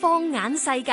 放眼世界，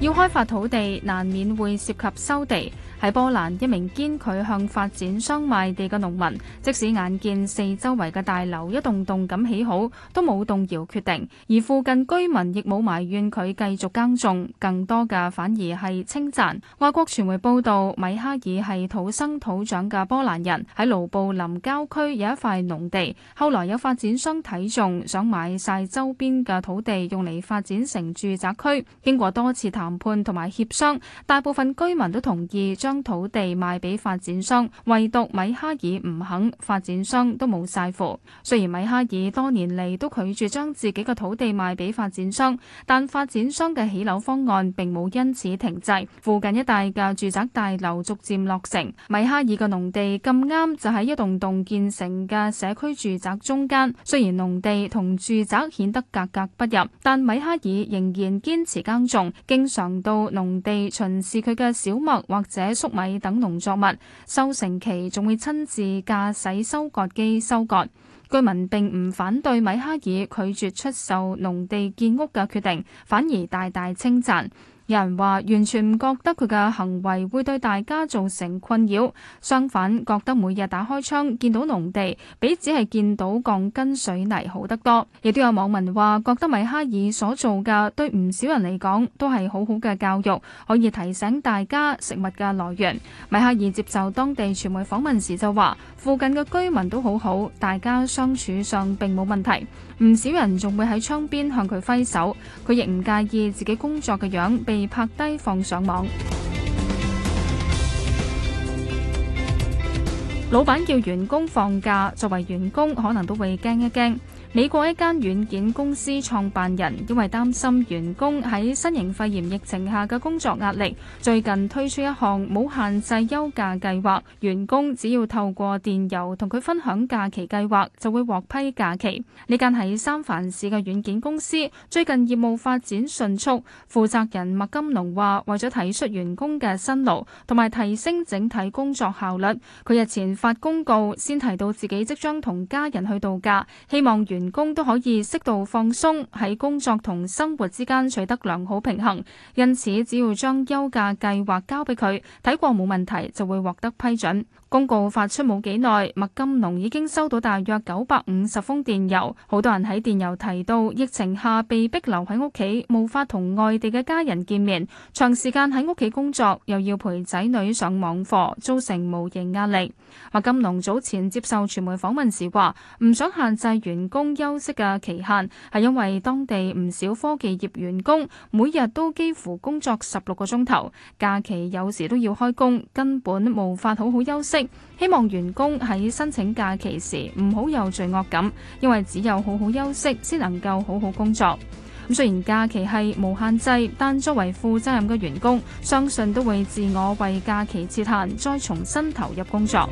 要開發土地，難免會涉及收地。喺波蘭，一名堅拒向發展商賣地嘅農民，即使眼見四周圍嘅大樓一棟棟咁起好，都冇動搖決定。而附近居民亦冇埋怨佢繼續耕種，更多嘅反而係稱讚。外國傳媒報道，米哈爾係土生土長嘅波蘭人，喺盧布林郊區有一塊農地。後來有發展商睇中，想買晒周邊嘅土地用嚟發展成住宅區。經過多次談判同埋協商，大部分居民都同意將將土地賣俾發展商，唯獨米哈爾唔肯，發展商都冇晒符。雖然米哈爾多年嚟都拒絕將自己嘅土地賣俾發展商，但發展商嘅起樓方案並冇因此停滯。附近一帶嘅住宅大樓逐漸落成，米哈爾嘅農地咁啱就喺一棟棟建成嘅社區住宅中間。雖然農地同住宅顯得格格不入，但米哈爾仍然堅持耕種，經常到農地巡視佢嘅小麥或者粟米等農作物收成期，仲會親自駕駛收割機收割。居民並唔反對米哈爾拒絕出售農地建屋嘅決定，反而大大稱讚。有人話完全唔覺得佢嘅行為會對大家造成困擾，相反覺得每日打開窗見到農地，比只係見到鋼筋水泥好得多。亦都有網民話覺得米哈爾所做嘅對唔少人嚟講都係好好嘅教育，可以提醒大家食物嘅來源。米哈爾接受當地傳媒訪問時就話：附近嘅居民都好好，大家相處上並冇問題。唔少人仲會喺窗邊向佢揮手，佢亦唔介意自己工作嘅樣拍低放上網。老闆叫員工放假，作為員工可能都會驚一驚。美國一間軟件公司創辦人因為擔心員工喺新型肺炎疫情下嘅工作壓力，最近推出一項冇限制休假計劃，員工只要透過電郵同佢分享假期計劃，就會獲批假期。呢間喺三藩市嘅軟件公司最近業務發展迅速，負責人麥金龍話：為咗提出員工嘅辛勞同埋提升整體工作效率，佢日前發公告先提到自己即將同家人去度假，希望員員工都可以適度放鬆，喺工作同生活之間取得良好平衡，因此只要將休假計劃交俾佢睇過冇問題，就會獲得批准。公告發出冇幾耐，麥金龍已經收到大約九百五十封電郵，好多人喺電郵提到疫情下被逼留喺屋企，無法同外地嘅家人見面，長時間喺屋企工作又要陪仔女上網課，造成無形壓力。麥金龍早前接受傳媒訪問時話：唔想限制員工。休息嘅期限，係因為當地唔少科技業員工每日都幾乎工作十六個鐘頭，假期有時都要開工，根本無法好好休息。希望員工喺申請假期時唔好有罪惡感，因為只有好好休息，先能夠好好工作。咁雖然假期係無限制，但作為負責任嘅員工，相信都會自我為假期設限，再重新投入工作。